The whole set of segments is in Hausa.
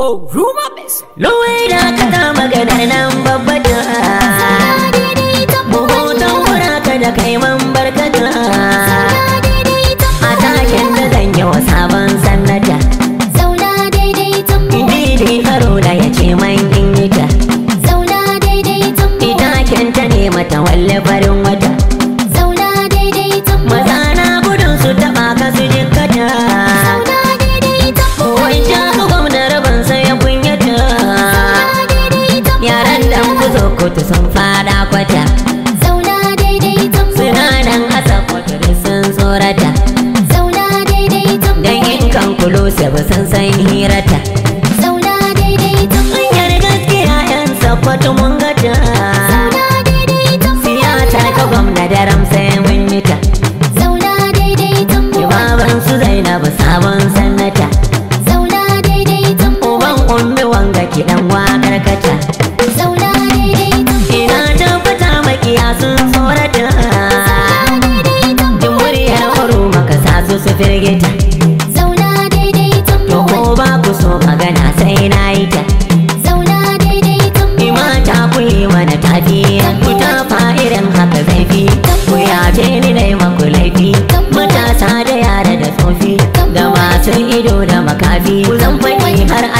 Oh, Ruma Bess. Lowai da ka ta maganar nan babba da. Buhoton wura ka da kai man barkata. A taken da zan yi wa sabon sannata. Zauna daidai tambo. da ya ce man in yi ta. Zauna daidai tambo. Itaken ta ne mata walle wata. Yusuf san san hirata Sauna daidai ta hanyar gaskiya yan sakwato mun gata Sauna daidai ta ta ka gwamna da ramsa mun yi ta Sauna daidai ta ban su ba sabon sannata Sauna daidai ta Uban ummi wanga kiɗan waƙar kata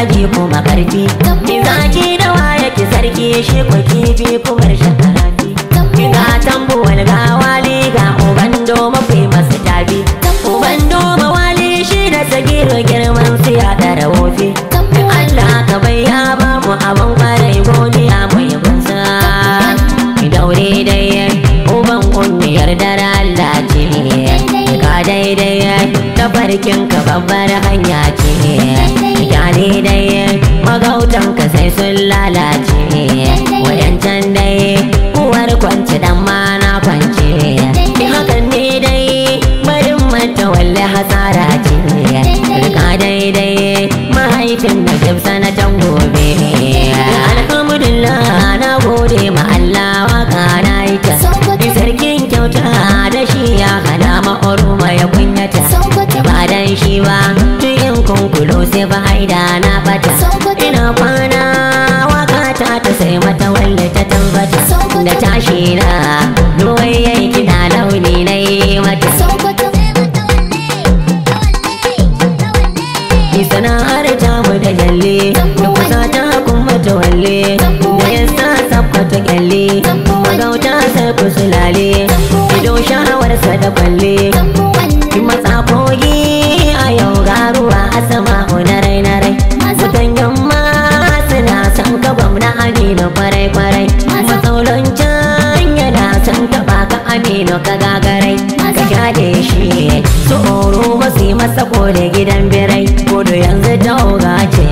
aji kuma karfi zaki da waya ki sarki shi ku kifi kumar shakarafi ga wal ga wali ga uban ma kai masu tabi uban ma wali shi da sagiru girman su ya dara wofi Allah ka bai ya ba mu abin kwarai a mai bunsa daure dai uban kunniyar dara Allah ce ka daidai tafarkin ka babbar hanya ce dai magautan ka sai sun lalace wayancan dai uwar kwanci dan ma na kwance hakan ne dai barin mata walle hasara ce rika daidai mahaifin da gimsa na can gobe alhamdulillah na gode ma Allah waka na ita sarkin kyauta da shi ya hana ya kunyata ba dan shi ba kunkulo sai ba haida na bata ina kwana waka ta ta sai mata wanda ta tambata da tashi na ruwai yayi kina launi na yi mata sana'ar ta mu da jalle kusa ta kuma mata walle da yasa sa sabka ta kyalle magauta sai sulale ido shawarsa da kwalle kuma matsa kogi amino kwarai kwarai matsalolin can yana san taba ka amino ka gagarai ka kyale shi tsoro ba su masa kore gidan birai ko yanzu dauga ce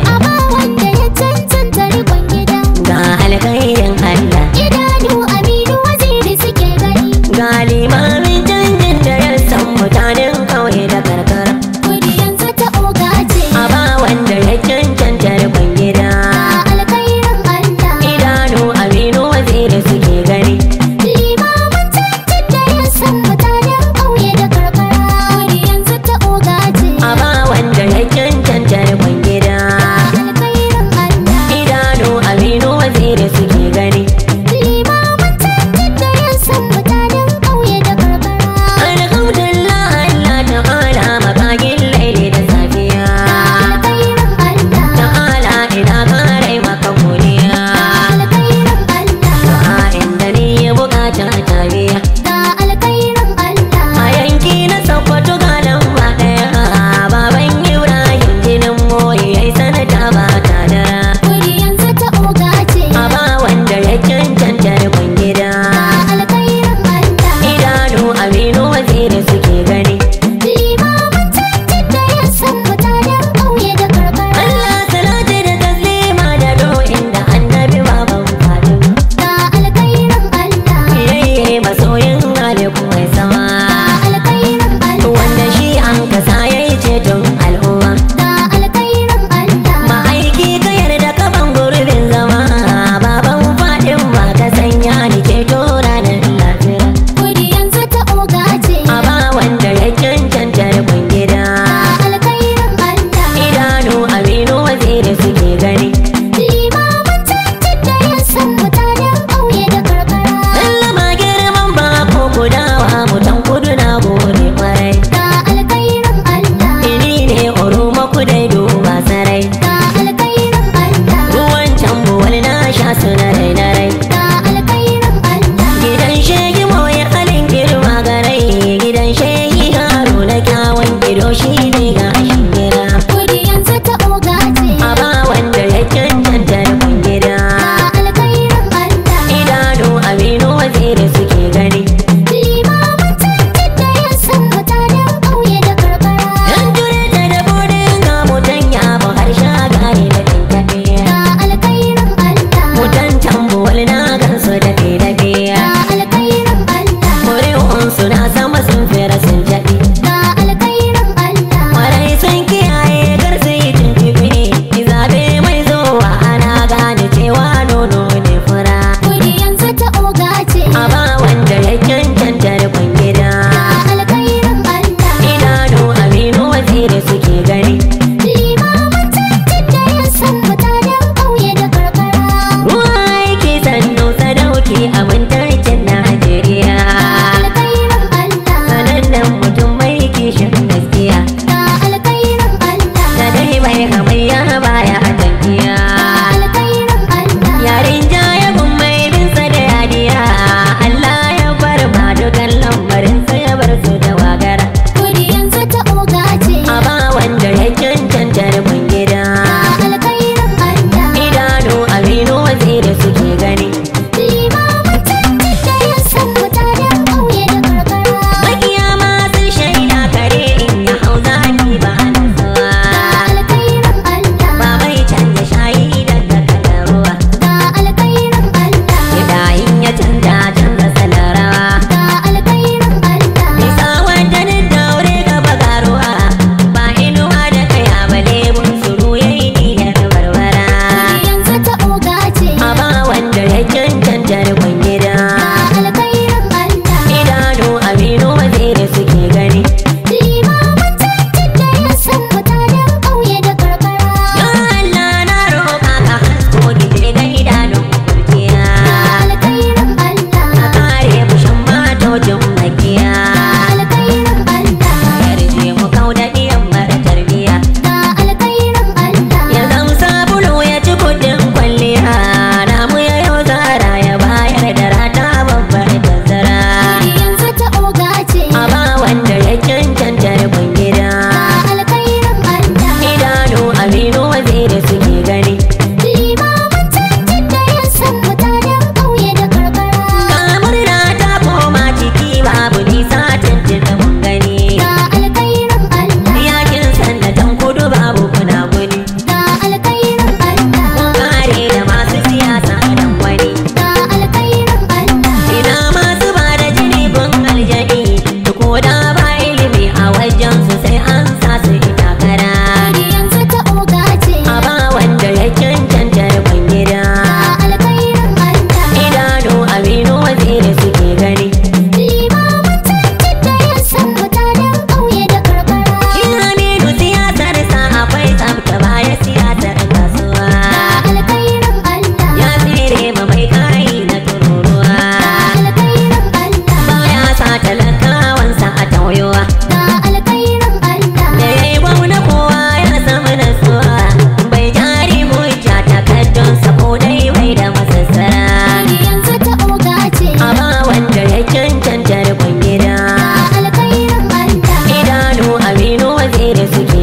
music